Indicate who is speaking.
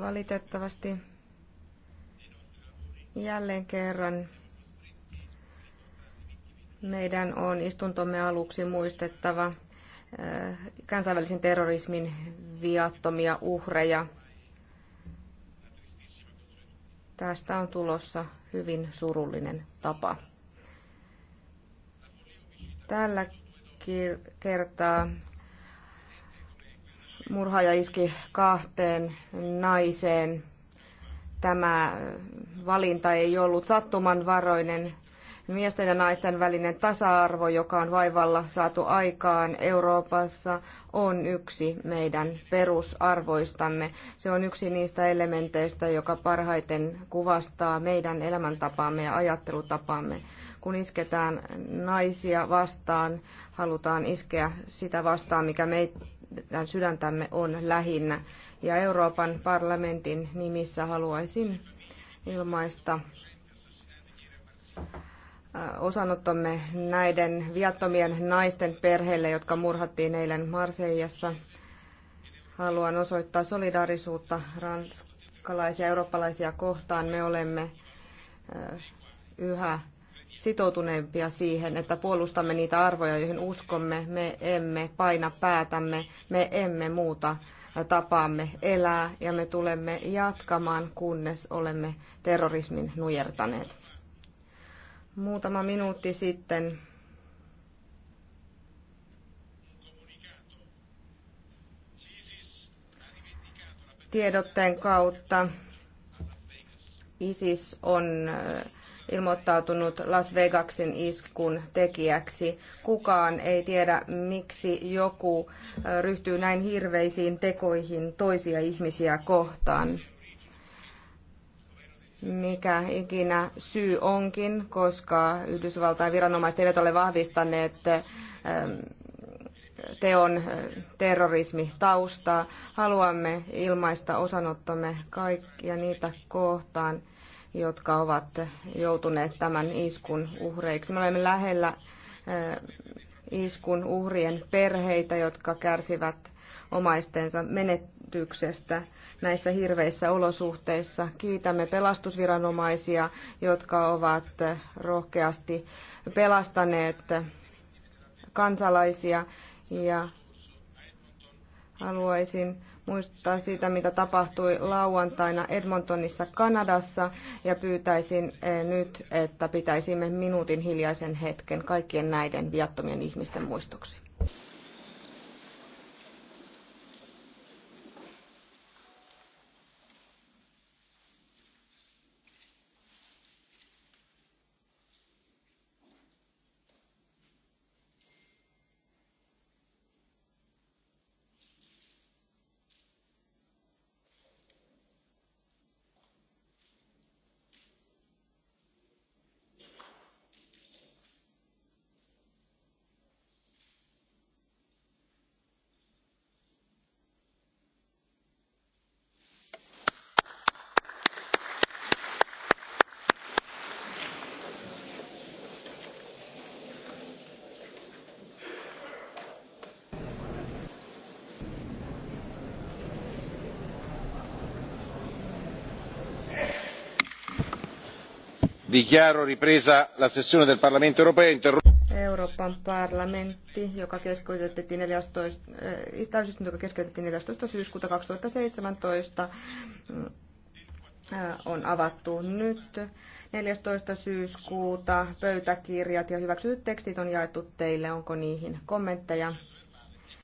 Speaker 1: Valitettavasti jälleen kerran meidän on istuntomme aluksi muistettava eh, kansainvälisen terrorismin viattomia uhreja. Tästä on tulossa hyvin surullinen tapa. Tällä kertaa Murhaaja iski kahteen naiseen. Tämä valinta ei ollut sattumanvaroinen. Miesten ja naisten välinen tasa-arvo, joka on vaivalla saatu aikaan Euroopassa, on yksi meidän perusarvoistamme. Se on yksi niistä elementeistä, joka parhaiten kuvastaa meidän elämäntapaamme ja ajattelutapaamme kun isketään naisia vastaan, halutaan iskeä sitä vastaan, mikä meitä tämän sydäntämme on lähinnä. Ja Euroopan parlamentin nimissä haluaisin ilmaista äh, osanottomme näiden viattomien naisten perheille, jotka murhattiin eilen Marseijassa. Haluan osoittaa solidaarisuutta ranskalaisia ja eurooppalaisia kohtaan. Me olemme äh, yhä sitoutuneempia siihen, että puolustamme niitä arvoja, joihin uskomme. Me emme paina päätämme, me emme muuta tapaamme elää ja me tulemme jatkamaan, kunnes olemme terrorismin nujertaneet. Muutama minuutti sitten tiedotteen kautta ISIS on ilmoittautunut Las Vegasin iskun tekijäksi. Kukaan ei tiedä, miksi joku ryhtyy näin hirveisiin tekoihin toisia ihmisiä kohtaan. Mikä ikinä syy onkin, koska Yhdysvaltain viranomaiset eivät ole vahvistaneet teon terrorismitaustaa. Haluamme ilmaista osanottomme kaikkia niitä kohtaan, jotka ovat joutuneet tämän iskun uhreiksi. Me olemme lähellä eh, iskun uhrien perheitä, jotka kärsivät omaistensa menetyksestä näissä hirveissä olosuhteissa. Kiitämme pelastusviranomaisia, jotka ovat rohkeasti pelastaneet kansalaisia ja haluaisin muistuttaa siitä, mitä tapahtui lauantaina Edmontonissa Kanadassa ja pyytäisin eh, nyt, että pitäisimme minuutin hiljaisen hetken kaikkien näiden viattomien ihmisten muistoksi. dichiaro ripresa la sessione del Parlamento europeo interrotta. Euroopan parlamentti, joka keskeytettiin 14, äh, eh, täysistunto, joka keskeytettiin 14. syyskuuta 2017, äh, eh, on avattu nyt. 14. syyskuuta pöytäkirjat ja hyväksytyt tekstit on jaettu teille. Onko niihin kommentteja?